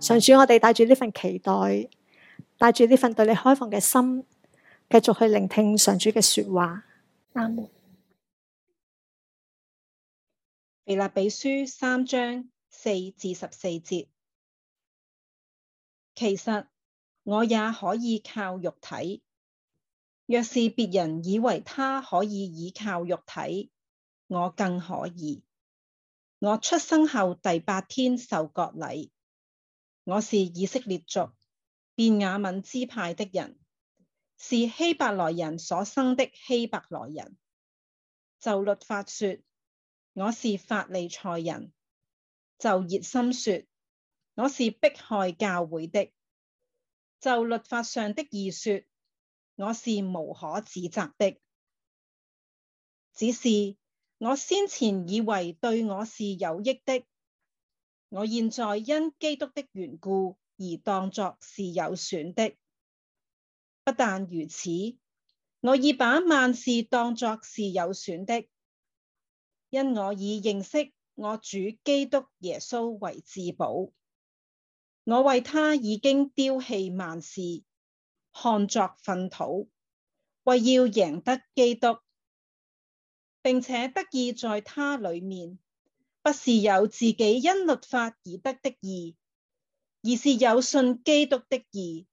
上主，我哋帶住呢份期待，帶住呢份對你開放嘅心，繼續去聆聽上主嘅說話。阿門。《腓立比書》三章四至十四節，其實我也可以靠肉體。若是別人以為他可以倚靠肉體，我更可以。我出生後第八天受割禮。我是以色列族便雅敏支派的人，是希伯來人所生的希伯來人。就律法說，我是法利賽人；就熱心說，我是迫害教會的；就律法上的義說，我是無可指責的。只是我先前以為對我是有益的。我現在因基督的緣故而當作是有損的。不但如此，我已把萬事當作是有損的，因我已認識我主基督耶穌為至寶。我為他已經丟棄萬事，看作糞土，為要贏得基督，並且得以在他裏面。不是有自己因律法而得的義，而是有信基督的義，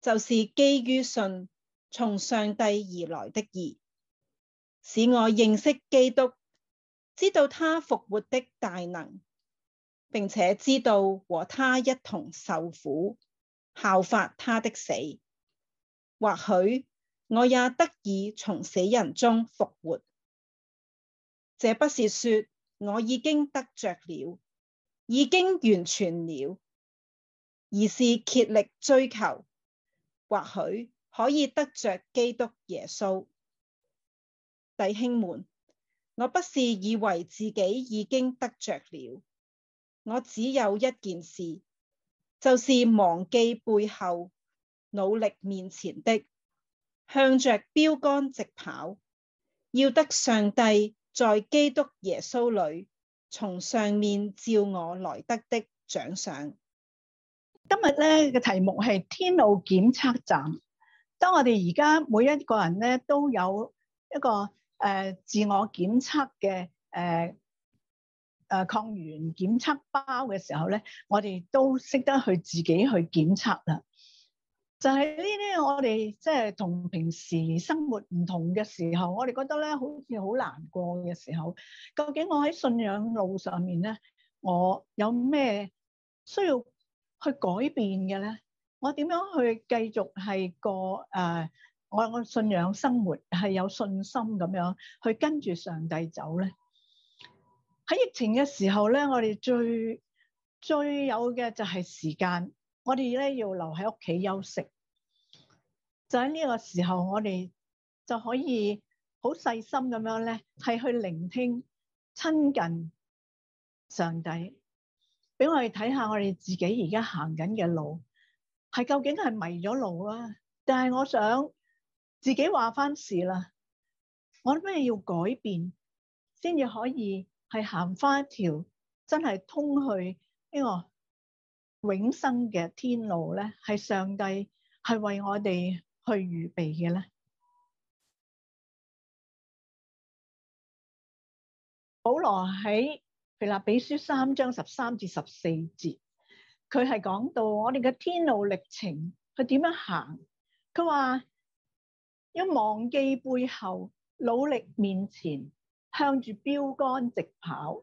就是基於信從上帝而來的義，使我認識基督，知道他復活的大能，並且知道和他一同受苦，效法他的死。或許我也得以從死人中復活。這不是說，我已經得着了，已經完全了，而是竭力追求，或許可以得着基督耶穌。弟兄們，我不是以為自己已經得着了，我只有一件事，就是忘記背後，努力面前的，向着標杆直跑，要得上帝，在基督耶穌裏，從上面照我來得的獎賞。今日咧嘅題目係天路檢測站。當我哋而家每一個人咧都有一個誒、呃、自我檢測嘅誒誒抗原檢測包嘅時候咧，我哋都識得去自己去檢測啦。就係呢啲我哋即係同平時生活唔同嘅時候，我哋覺得咧好似好難過嘅時候。究竟我喺信仰路上面咧，我有咩需要去改變嘅咧？我點樣去繼續係個誒，我我信仰生活係有信心咁樣去跟住上帝走咧？喺疫情嘅時候咧，我哋最最有嘅就係時間。我哋咧要留喺屋企休息，就喺呢個時候，我哋就可以好細心咁樣咧，係去聆聽、親近上帝，俾我哋睇下我哋自己而家行緊嘅路，係究竟係迷咗路啊！但係我想自己話翻事啦，我諗咩要改變，先至可以係行翻一條真係通去呢個。永生嘅天路咧，係上帝係為我哋去預備嘅咧。保羅喺腓立比書三章十三至十四節，佢係講到我哋嘅天路歷程，佢點樣行？佢話要忘記背後，努力面前，向住標杆直跑。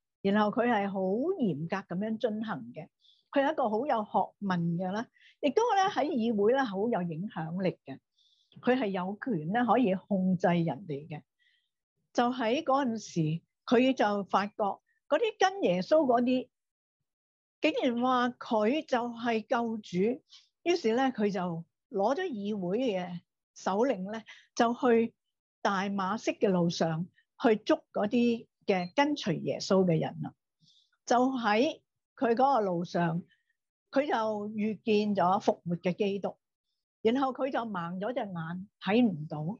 然後佢係好嚴格咁樣進行嘅，佢係一個好有學問嘅啦，亦都咧喺議會咧好有影響力嘅，佢係有權咧可以控制人哋嘅。就喺嗰陣時，佢就發覺嗰啲跟耶穌嗰啲竟然話佢就係救主，於是咧佢就攞咗議會嘅首領咧，就去大馬色嘅路上去捉嗰啲。嘅跟隨耶穌嘅人啦，就喺佢嗰個路上，佢就遇見咗復活嘅基督，然後佢就盲咗隻眼睇唔到，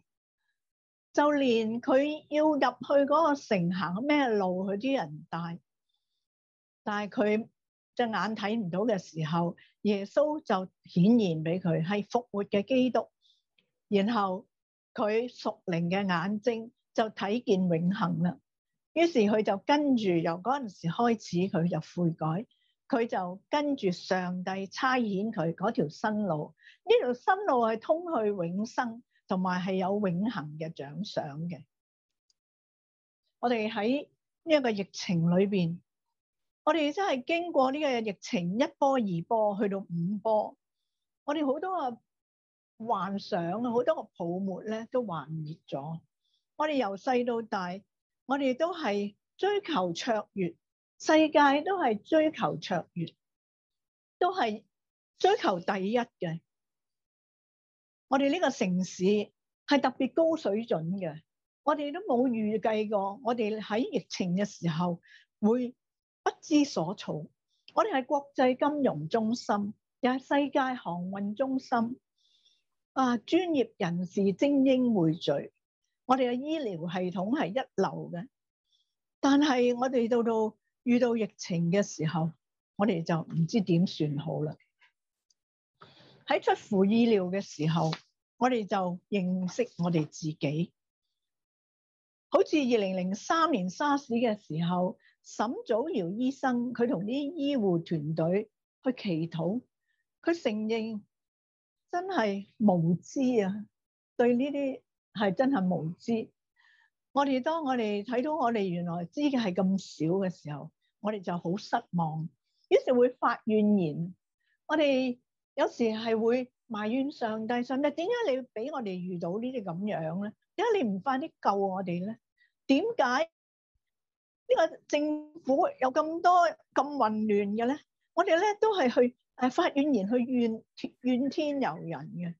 就連佢要入去嗰個城行咩路，佢啲人帶，但係佢隻眼睇唔到嘅時候，耶穌就顯現俾佢係復活嘅基督，然後佢屬靈嘅眼睛就睇見永恆啦。於是佢就跟住由嗰陣時開始，佢就悔改。佢就跟住上帝差遣佢嗰條新路，呢條新路係通去永生，同埋係有永恆嘅獎賞嘅。我哋喺呢一個疫情裏邊，我哋真係經過呢個疫情一波二波去到五波，我哋好多個幻想啊，好多個泡沫咧都幻滅咗。我哋由細到大。我哋都係追求卓越，世界都係追求卓越，都係追求第一嘅。我哋呢個城市係特別高水準嘅，我哋都冇預計過，我哋喺疫情嘅時候會不知所措。我哋係國際金融中心，又係世界航運中心，啊，專業人士精英匯聚。我哋嘅醫療系統係一流嘅，但係我哋到到遇到疫情嘅時候，我哋就唔知點算好啦。喺出乎意料嘅時候，我哋就認識我哋自己。好似二零零三年沙士嘅時候，沈祖堯醫生佢同啲醫護團隊去祈禱，佢承認真係無知啊，對呢啲。係真係無知。我哋當我哋睇到我哋原來知嘅係咁少嘅時候，我哋就好失望，於是會發怨言。我哋有時係會埋怨上帝，上帝點解你俾我哋遇到呢啲咁樣咧？點解你唔快啲救我哋咧？點解呢個政府有咁多咁混亂嘅咧？我哋咧都係去誒發怨言，去怨怨天尤人嘅。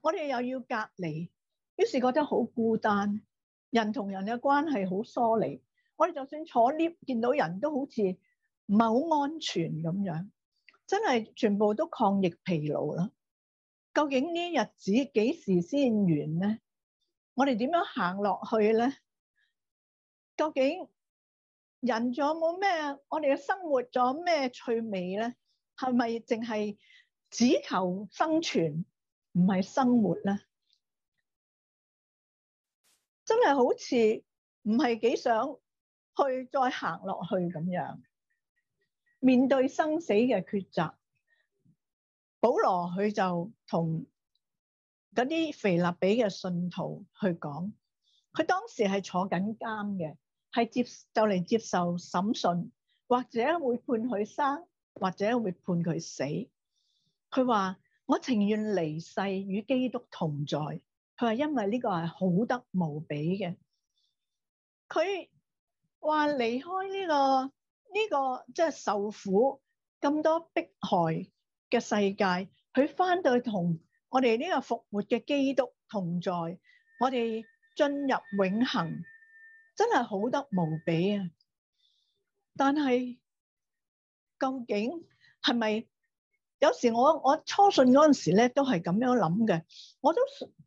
我哋又要隔離。於是覺得好孤單，人同人嘅關係好疏離。我哋就算坐 lift 見到人都好似唔係好安全咁樣，真係全部都抗疫疲勞啦。究竟呢日子幾時先完咧？我哋點樣行落去咧？究竟人仲有冇咩？我哋嘅生活仲有咩趣味咧？係咪淨係只求生存，唔係生活咧？真係好似唔係幾想去再行落去咁樣，面對生死嘅抉擇。保羅佢就同嗰啲腓立比嘅信徒去講，佢當時係坐緊監嘅，係接就嚟接受審訊，或者會判佢生，或者會判佢死。佢話：我情願離世與基督同在。佢話因為呢個係好得無比嘅。佢話離開呢個呢個即係受苦咁多迫害嘅世界，佢翻到去同我哋呢個復活嘅基督同在，我哋進入永恆，真係好得無比啊！但係究竟係咪？有時我我初信嗰陣時咧，都係咁樣諗嘅，我都。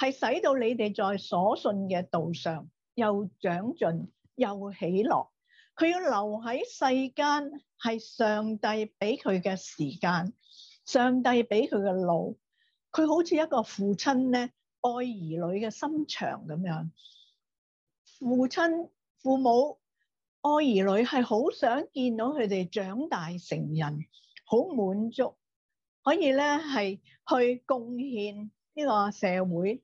係使到你哋在所信嘅道上又長進又喜樂。佢要留喺世間，係上帝俾佢嘅時間，上帝俾佢嘅路。佢好似一個父親咧，愛兒女嘅心腸咁樣。父親、父母愛兒女係好想見到佢哋長大成人，好滿足，可以咧係去貢獻呢個社會。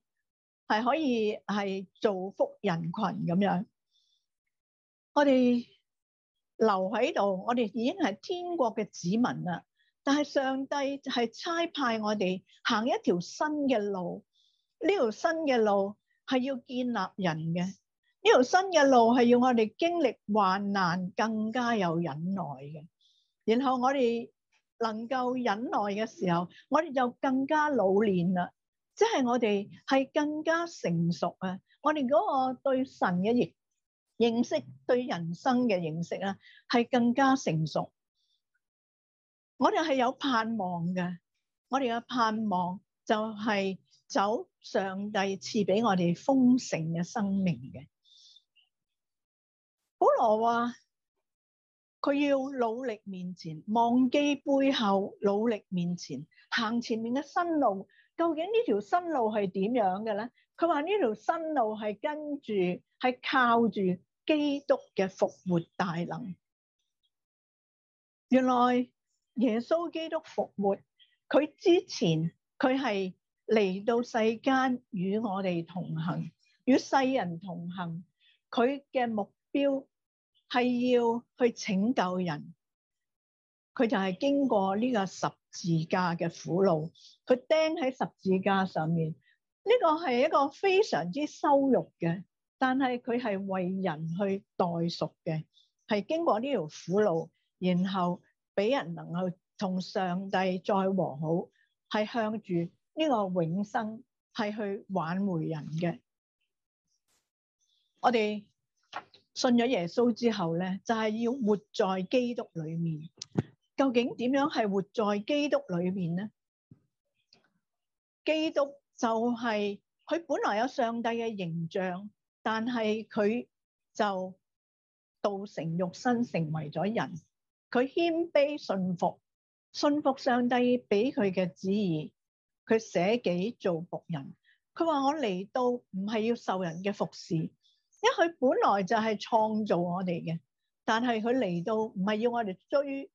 係可以係造福人群咁樣，我哋留喺度，我哋已經係天國嘅子民啦。但係上帝係差派我哋行一條新嘅路，呢條新嘅路係要建立人嘅，呢條新嘅路係要我哋經歷患難，更加有忍耐嘅。然後我哋能夠忍耐嘅時候，我哋就更加老練啦。即係我哋係更加成熟啊！我哋嗰個對神嘅認認識，對人生嘅認識啦，係更加成熟。我哋係有盼望嘅，我哋嘅盼望就係走上帝賜俾我哋豐盛嘅生命嘅。保羅話：佢要努力面前，忘記背後；努力面前，行前面嘅新路。究竟呢條新路係點樣嘅咧？佢話呢條新路係跟住，係靠住基督嘅復活大能。原來耶穌基督復活，佢之前，佢係嚟到世間與我哋同行，與世人同行。佢嘅目標係要去拯救人。佢就係經過呢個十字架嘅苦路，佢釘喺十字架上面。呢、這個係一個非常之羞辱嘅，但係佢係為人去代贖嘅，係經過呢條苦路，然後俾人能夠同上帝再和好，係向住呢個永生係去挽回人嘅。我哋信咗耶穌之後咧，就係、是、要活在基督裡面。究竟點樣係活在基督裡面呢？基督就係佢本來有上帝嘅形象，但係佢就道成肉身成為咗人。佢謙卑信服，信服上帝俾佢嘅旨意。佢捨己做僕人。佢話我嚟到唔係要受人嘅服侍，因為佢本來就係創造我哋嘅。但係佢嚟到唔係要我哋追。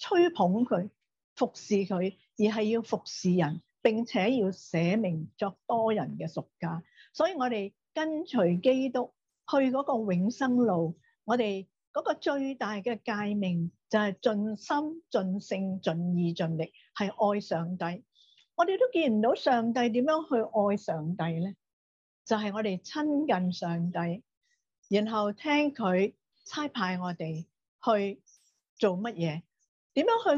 吹捧佢服侍佢，而係要服侍人，並且要捨命作多人嘅贖價。所以我哋跟隨基督去嗰個永生路，我哋嗰個最大嘅誡命就係盡心盡性盡意盡力，係愛上帝。我哋都見唔到上帝點樣去愛上帝咧，就係我哋親近上帝，然後聽佢差派我哋去做乜嘢。點樣去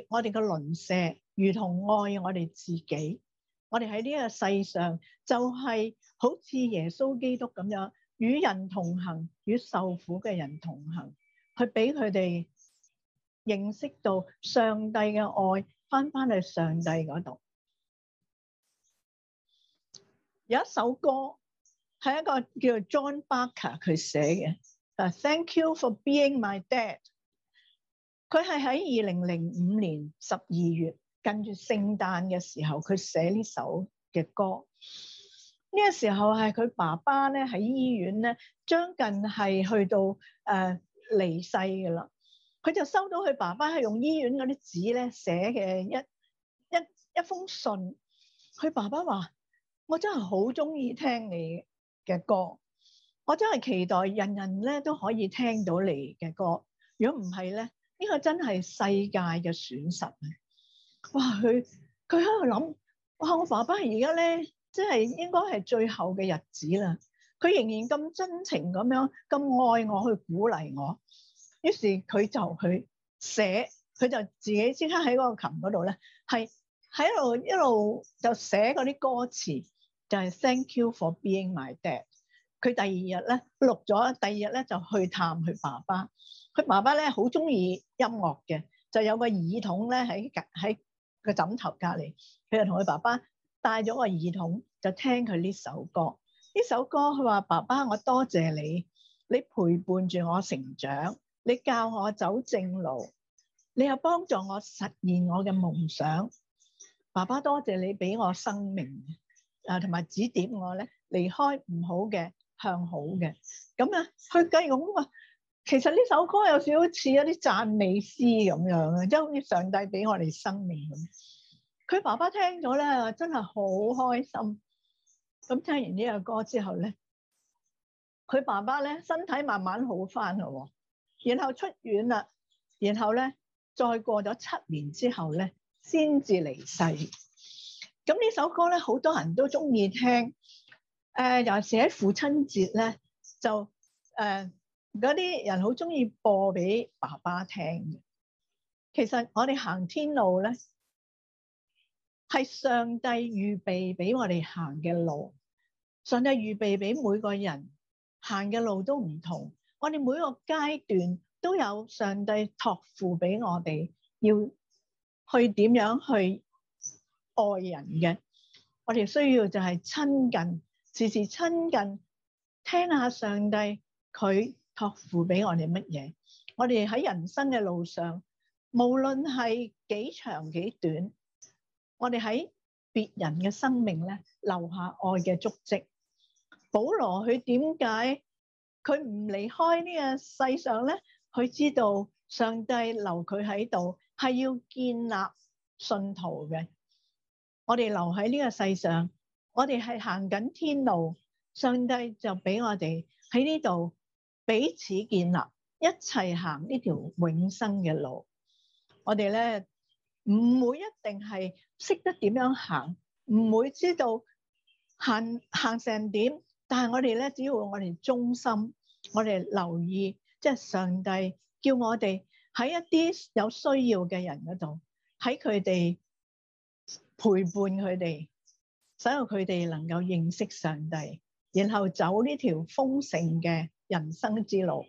愛我哋嘅鄰舍，如同愛我哋自己。我哋喺呢個世上就係好似耶穌基督咁樣，與人同行，與受苦嘅人同行，去俾佢哋認識到上帝嘅愛，翻翻去上帝嗰度。有一首歌係一個叫做 John Barker 佢寫嘅，啊，Thank you for being my dad。佢係喺二零零五年十二月，跟住聖誕嘅時候，佢寫呢首嘅歌。呢個時候係佢爸爸咧喺醫院咧，將近係去到誒、呃、離世噶啦。佢就收到佢爸爸係用醫院嗰啲紙咧寫嘅一一一封信。佢爸爸話：「我真係好中意聽你嘅歌，我真係期待人人咧都可以聽到你嘅歌。如果唔係咧，呢個真係世界嘅損失啊！哇，佢佢喺度諗，哇，我爸爸而家咧，即係應該係最後嘅日子啦。佢仍然咁真情咁樣咁愛我去鼓勵我。於是佢就去寫，佢就自己即刻喺嗰個琴嗰度咧，係喺度一路就寫嗰啲歌詞，就係 Thank you for being my dad。佢第二日咧錄咗，第二日咧就去探佢爸爸。佢爸爸咧好中意音樂嘅，就有個耳筒咧喺隔喺個枕頭隔離。佢就同佢爸爸帶咗個耳筒，就聽佢呢首歌。呢首歌佢話：爸爸，我多謝你，你陪伴住我成長，你教我走正路，你又幫助我實現我嘅夢想。爸爸，多謝你俾我生命，啊，同埋指點我咧，離開唔好嘅。向好嘅，咁啊，佢繼續講話，其實呢首歌有少少似一啲讚美詩咁樣啊，即係好似上帝俾我哋生命咁。佢爸爸聽咗咧，真係好開心。咁聽完呢個歌之後咧，佢爸爸咧身體慢慢好翻咯，然後出院啦，然後咧再過咗七年之後咧，先至離世。咁呢首歌咧，好多人都鍾意聽。誒、呃，尤其是喺父親節咧，就誒嗰啲人好中意播俾爸爸聽嘅。其實我哋行天路咧，係上帝預備俾我哋行嘅路。上帝預備俾每個人行嘅路都唔同。我哋每個階段都有上帝託付俾我哋，要去點樣去愛人嘅。我哋需要就係親近。時時親近，聽下上帝佢托付俾我哋乜嘢。我哋喺人生嘅路上，無論係幾長幾短，我哋喺別人嘅生命呢留下愛嘅足跡。保羅佢點解佢唔離開呢個世上呢？佢知道上帝留佢喺度係要建立信徒嘅。我哋留喺呢個世上。我哋係行緊天路，上帝就俾我哋喺呢度彼此建立，一齊行呢條永生嘅路。我哋咧唔會一定係識得點樣行，唔會知道行行成點。但係我哋咧，只要我哋忠心，我哋留意，即係上帝叫我哋喺一啲有需要嘅人嗰度，喺佢哋陪伴佢哋。所有佢哋能夠認識上帝，然後走呢條豐盛嘅人生之路。